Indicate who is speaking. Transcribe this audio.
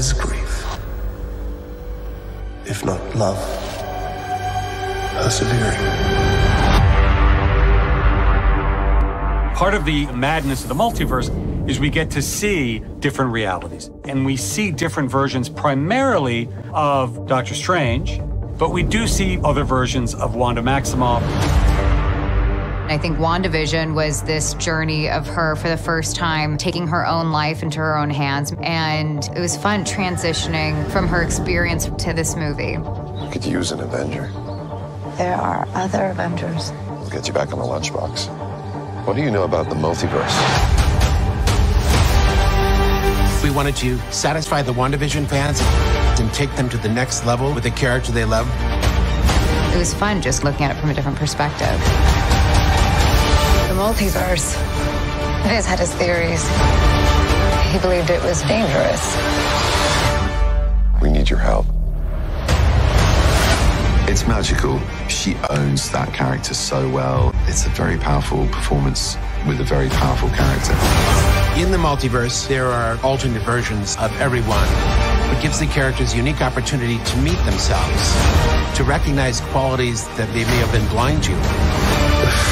Speaker 1: is grief, if not love,
Speaker 2: persevering. Part of the madness of the multiverse is we get to see different realities. And we see different versions primarily of Doctor Strange, but we do see other versions of Wanda Maximoff.
Speaker 1: And I think WandaVision was this journey of her for the first time taking her own life into her own hands. And it was fun transitioning from her experience to this movie. We
Speaker 3: could use an Avenger. There are other Avengers. We'll get you back on the lunchbox. What do you know about the multiverse? We wanted to satisfy the WandaVision fans and take them to the next level with a character they love. It was fun just looking at it from a different perspective
Speaker 1: multiverse. Viz had his theories. He believed it was dangerous.
Speaker 2: We need your
Speaker 3: help. It's magical. She owns that character so well. It's a very powerful performance with a very powerful character. In the multiverse, there are alternate versions of everyone. It gives the characters unique opportunity to meet themselves, to recognize qualities that they may have been blind to.